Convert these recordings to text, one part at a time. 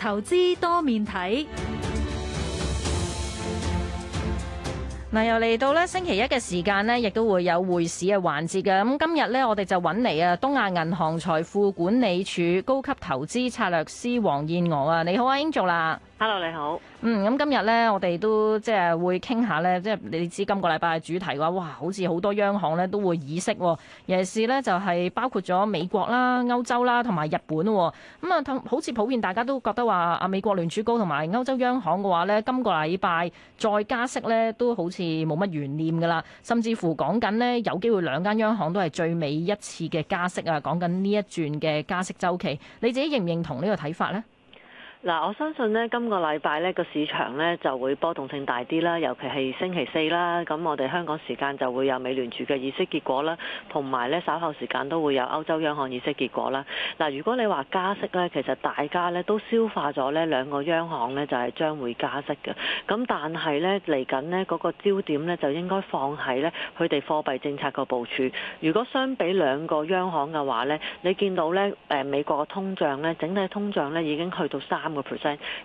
投資多面睇，嗱又嚟到咧星期一嘅時間咧，亦都會有匯市嘅環節嘅。咁今日咧，我哋就揾嚟啊，東亞銀行財富管理處高級投資策略師黃燕娥啊，你好啊，Angel 啦。Hello，你好。嗯，咁今日咧，我哋都即係會傾下咧，即係你知今個禮拜嘅主題嘅話，哇，好似好多央行咧都會議息，尤其是咧就係、是、包括咗美國啦、歐洲啦同埋日本，咁啊，嗯、好似普遍大家都覺得話啊，美國聯儲高同埋歐洲央行嘅話咧，今個禮拜再加息咧都好似冇乜懸念㗎啦，甚至乎講緊呢，有機會兩間央行都係最尾一次嘅加息啊，講緊呢一轉嘅加息周期，你自己認唔認同個呢個睇法咧？嗱，我相信呢，今個禮拜呢個市場呢就會波動性大啲啦，尤其係星期四啦，咁我哋香港時間就會有美聯儲嘅議息結果啦，同埋呢稍後時間都會有歐洲央行議息結果啦。嗱，如果你話加息呢，其實大家呢都消化咗呢兩個央行呢就係將會加息嘅，咁但係呢嚟緊呢嗰個焦點呢，就應該放喺呢佢哋貨幣政策個部署。如果相比兩個央行嘅話呢，你見到呢誒美國嘅通脹呢，整體通脹呢已經去到三個，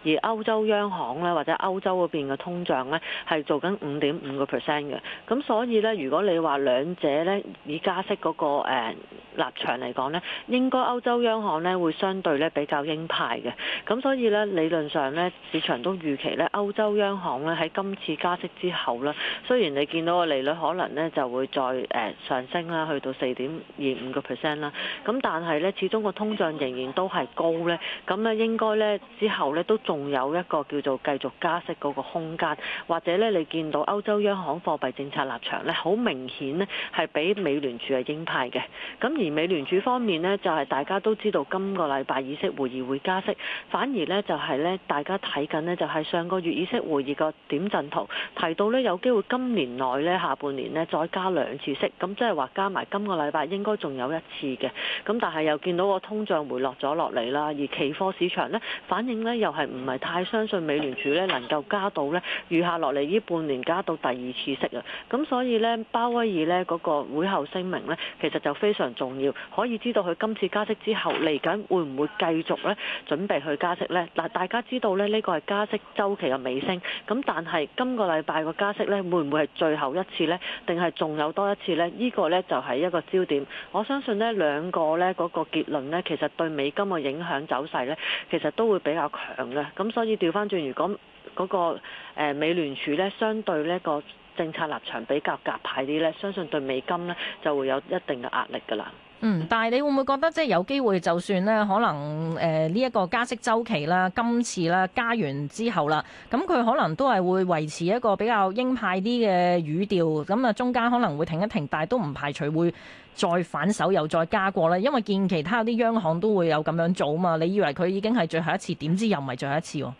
而歐洲央行咧，或者歐洲嗰邊嘅通脹咧，係做緊五點五個 percent 嘅，咁所以咧，如果你話兩者咧，以加息嗰個立場嚟講咧，應該歐洲央行咧會相對咧比較鷹派嘅，咁所以咧，理論上咧，市場都預期咧，歐洲央行咧喺今次加息之後咧，雖然你見到個利率可能咧就會再誒上升啦，去到四點二五個 percent 啦，咁但係咧，始終個通脹仍然都係高咧，咁咧應該咧。之後呢，都仲有一個叫做繼續加息嗰個空間，或者呢，你見到歐洲央行貨幣政策立場呢，好明顯呢，係比美聯儲係鷹派嘅。咁而美聯儲方面呢，就係、是、大家都知道今個禮拜議息會議會加息，反而呢，就係呢，大家睇緊呢，就係、是、上個月議息會議個點陣圖，提到呢，有機會今年內呢，下半年呢，再加兩次息，咁即係話加埋今個禮拜應該仲有一次嘅。咁但係又見到個通脹回落咗落嚟啦，而期貨市場呢，反應呢又係唔係太相信美聯儲呢能夠加到呢，餘下落嚟呢半年加到第二次息啊！咁所以呢，鮑威爾呢嗰個會後聲明呢，其實就非常重要，可以知道佢今次加息之後嚟緊會唔會繼續呢？準備去加息呢？嗱，大家知道呢，呢個係加息周期嘅尾聲，咁但係今個禮拜個加息呢，會唔會係最後一次呢？定係仲有多一次呢？呢個呢，就係一個焦點。我相信呢兩個呢嗰個結論呢，其實對美金嘅影響走勢呢，其實都會比。比較強嘅，咁所以調翻轉，如果嗰個誒美聯儲咧相對呢個政策立場比較鴿派啲咧，相信對美金咧就會有一定嘅壓力噶啦。嗯，但係你會唔會覺得即係有機會，就算咧，可能誒呢一個加息周期啦，今次啦加完之後啦，咁、嗯、佢可能都係會維持一個比較鷹派啲嘅語調，咁、嗯、啊中間可能會停一停，但係都唔排除會再反手又再加過啦，因為見其他啲央行都會有咁樣做啊嘛，你以為佢已經係最後一次，點知又唔係最後一次喎。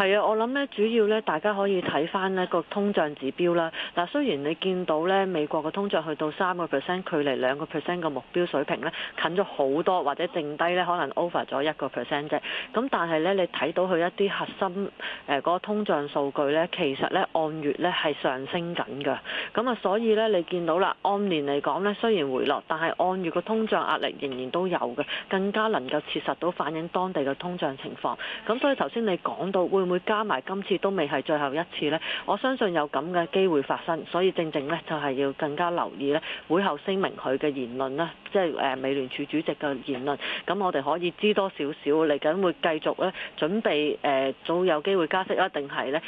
係啊，我諗咧，主要咧，大家可以睇翻呢個通脹指標啦。嗱，雖然你見到咧美國嘅通脹去到三個 percent，距離兩個 percent 個目標水平咧近咗好多，或者剩低咧可能 over 咗一個 percent 啫。咁但係咧，你睇到佢一啲核心誒嗰個通脹數據咧，其實咧按月咧係上升緊㗎。咁啊，所以咧你見到啦，按年嚟講咧雖然回落，但係按月個通脹壓力仍然都有嘅，更加能夠切實到反映當地嘅通脹情況。咁所以頭先你講到會。會加埋今次都未係最後一次呢，我相信有咁嘅機會發生，所以正正呢，就係、是、要更加留意呢會後聲明佢嘅言論啦，即係誒美聯儲主席嘅言論，咁我哋可以知多少少嚟緊會繼續呢準備誒、呃、早有機會加息啊，定係呢，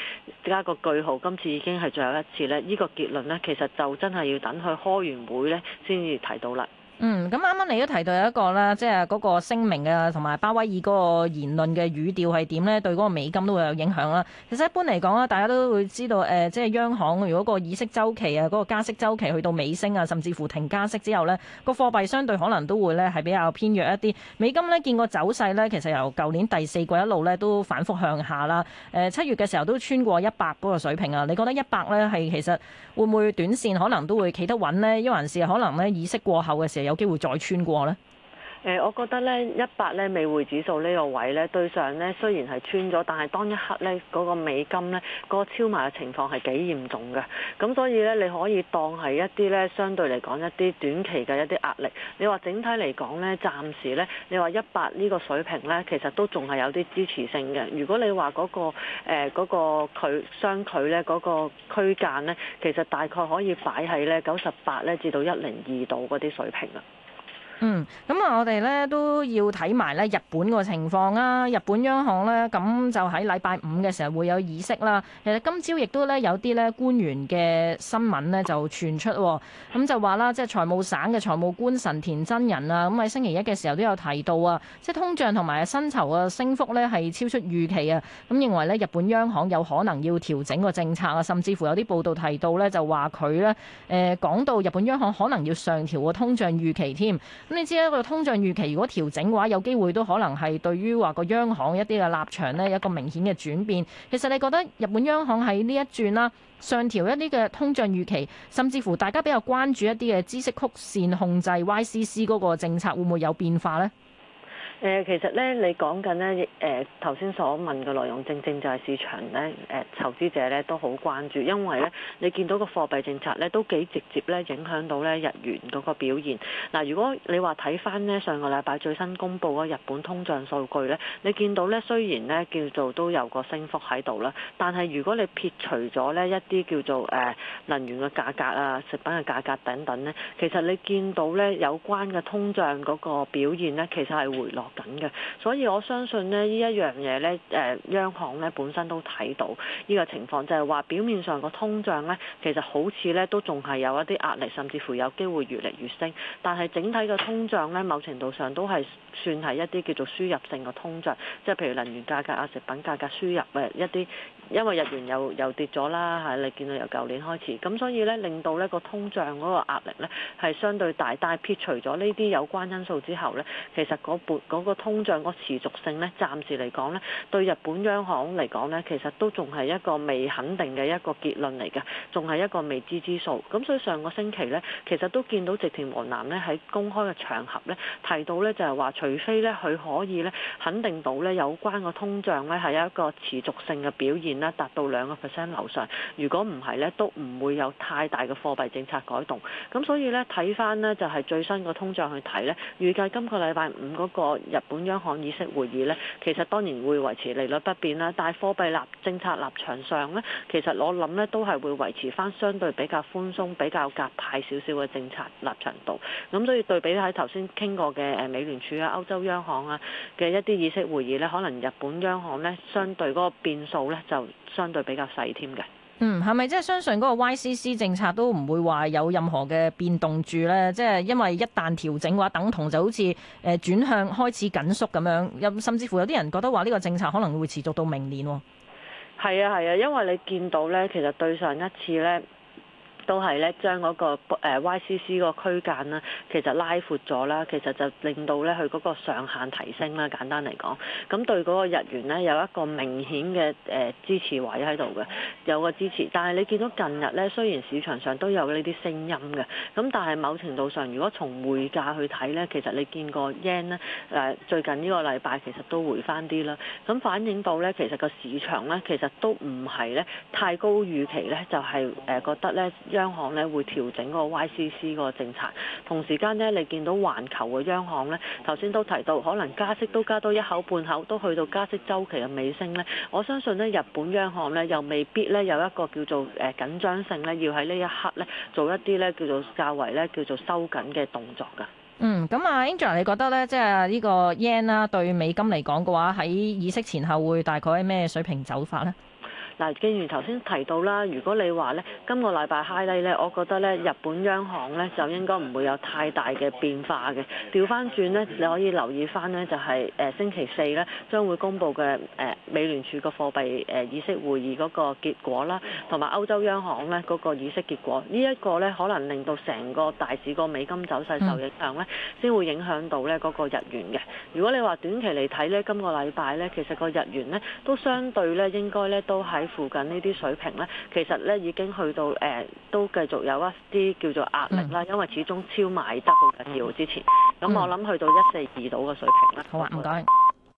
加個句號，今次已經係最後一次呢依、這個結論呢，其實就真係要等佢開完會呢先至提到啦。嗯，咁啱啱你都提到有一個啦，即係嗰個聲明啊，同埋鮑威爾嗰個言論嘅語調係點咧，對嗰個美金都會有影響啦。其實一般嚟講啊，大家都會知道誒、呃，即係央行如果個議息周期啊，嗰、那個加息周期去到尾聲啊，甚至乎停加息之後咧，那個貨幣相對可能都會咧係比較偏弱一啲。美金咧見個走勢咧，其實由舊年第四季一路咧都反復向下啦。誒、呃，七月嘅時候都穿過一百嗰個水平啊，你覺得一百咧係其實會唔會短線可能都會企得穩咧？亦還是可能咧議息過後嘅時候有機會再穿過咧？誒，我覺得咧，一百咧美匯指數呢個位咧，對上咧雖然係穿咗，但係當一刻咧嗰個美金咧嗰個超賣嘅情況係幾嚴重嘅。咁所以咧，你可以當係一啲咧相對嚟講一啲短期嘅一啲壓力。你話整體嚟講咧，暫時咧，你話一百呢個水平咧，其實都仲係有啲支持性嘅。如果你話嗰個誒嗰個佢相距咧嗰個區間咧，其實大概可以擺喺咧九十八咧至到一零二度嗰啲水平啦。嗯，咁啊，我哋咧都要睇埋咧日本個情況啊，日本央行咧咁就喺禮拜五嘅時候會有議息啦。其實今朝亦都咧有啲咧官員嘅新聞咧就傳出啊，咁就話啦，即係財務省嘅財務官神田真人啊，咁喺星期一嘅時候都有提到啊，即係通脹同埋薪酬嘅升幅咧係超出預期啊，咁認為咧日本央行有可能要調整個政策啊，甚至乎有啲報道提到咧就話佢咧誒講到日本央行可能要上調個通脹預期添。咁你知啦，個通脹預期如果調整嘅話，有機會都可能係對於話個央行一啲嘅立場咧，一個明顯嘅轉變。其實你覺得日本央行喺呢一轉啦，上調一啲嘅通脹預期，甚至乎大家比較關注一啲嘅孳息曲線控制 YCC 嗰個政策會唔會有變化咧？誒、呃，其實咧，你講緊咧，誒頭先所問嘅內容，正正就係市場咧，誒、呃、投資者咧都好關注，因為咧，你見到個貨幣政策咧都幾直接咧影響到咧日元嗰個表現。嗱、呃，如果你話睇翻呢上個禮拜最新公布嘅日本通脹數據咧，你見到咧雖然咧叫做都有個升幅喺度啦，但係如果你撇除咗咧一啲叫做誒、呃、能源嘅價格啊、食品嘅價格等等咧，其實你見到咧有關嘅通脹嗰個表現咧，其實係回落，落緊嘅，所以我相信呢呢一樣嘢呢，誒、呃，央行呢本身都睇到呢、這個情況，就係話表面上個通脹呢，其實好似呢都仲係有一啲壓力，甚至乎有機會越嚟越升。但係整體嘅通脹呢，某程度上都係算係一啲叫做輸入性嘅通脹，即係譬如能源價格啊、食品價格輸入嘅一啲。因為日元又又跌咗啦嚇，你見到由舊年開始，咁所以咧令到咧個通脹嗰個壓力咧係相對大，但係撇除咗呢啲有關因素之後咧，其實嗰撥嗰個通脹個持續性咧，暫時嚟講咧，對日本央行嚟講咧，其實都仲係一個未肯定嘅一個結論嚟嘅，仲係一個未知之數。咁所以上個星期咧，其實都見到直田和男咧喺公開嘅場合咧提到咧就係話，除非咧佢可以咧肯定到咧有關個通脹咧係一個持續性嘅表現，達到兩個 percent 樓上。如果唔係呢，都唔會有太大嘅貨幣政策改動，咁所以呢睇翻，呢就係最新個通脹去睇呢預計今個禮拜五嗰個日本央行議息會議呢，其實當然會維持利率不變啦。但係貨幣立政策立場上呢，其實我諗呢都係會維持翻相對比較寬鬆，比較鴿派少少嘅政策立場度。咁所以對比喺頭先傾過嘅誒、美聯儲啊、歐洲央行啊嘅一啲議息會議呢，可能日本央行呢相對嗰個變數呢就。相對比較細添嘅，嗯，係咪即係相信嗰個 YCC 政策都唔會話有任何嘅變動住呢？即係因為一旦調整話，等同就好似誒轉向開始緊縮咁樣，有甚至乎有啲人覺得話呢個政策可能會持續到明年。係啊係啊，因為你見到呢，其實對上一次呢。都係咧，將嗰個 YCC 個區間呢，其實拉闊咗啦，其實就令到咧佢嗰個上限提升啦。簡單嚟講，咁對嗰個日元咧有一個明顯嘅誒支持位喺度嘅，有個支持。但係你見到近日咧，雖然市場上都有呢啲聲音嘅，咁但係某程度上，如果從匯價去睇咧，其實你見個 yen 咧誒最近呢個禮拜其實都回翻啲啦。咁反映到咧，其實個市場咧，其實都唔係咧太高預期咧，就係誒覺得咧。央行咧會調整個 YCC 個政策，同時間咧你見到環球嘅央行咧，頭先都提到可能加息都加多一口半口，都去到加息週期嘅尾聲咧。我相信咧日本央行咧又未必咧有一個叫做誒緊張性咧，要喺呢一刻咧做一啲咧叫做較為咧叫做收緊嘅動作㗎。嗯，咁啊，Angela 你覺得咧，即係呢個 yen、啊、對美金嚟講嘅話，喺議息前後會大概係咩水平走法呢？嗱，既然頭先提到啦，如果你話呢，今個禮拜 high 呢，我覺得呢，日本央行呢，就應該唔會有太大嘅變化嘅。調翻轉呢，你可以留意翻呢、就是，就係誒星期四呢，將會公佈嘅誒美聯儲個貨幣誒議息會議嗰個結果啦，同埋歐洲央行呢嗰、那個議息結果。呢、這、一個呢，可能令到成個大市個美金走勢受影響呢，先會影響到呢嗰、那個日元嘅。如果你話短期嚟睇呢，今個禮拜呢，其實個日元呢，都相對呢，應該呢都喺。附近呢啲水平呢，其實呢已經去到誒、呃，都繼續有一啲叫做壓力啦，因為始終超賣得好緊要之前。咁我諗去到一四二度嘅水平啦。好啊，唔該反而。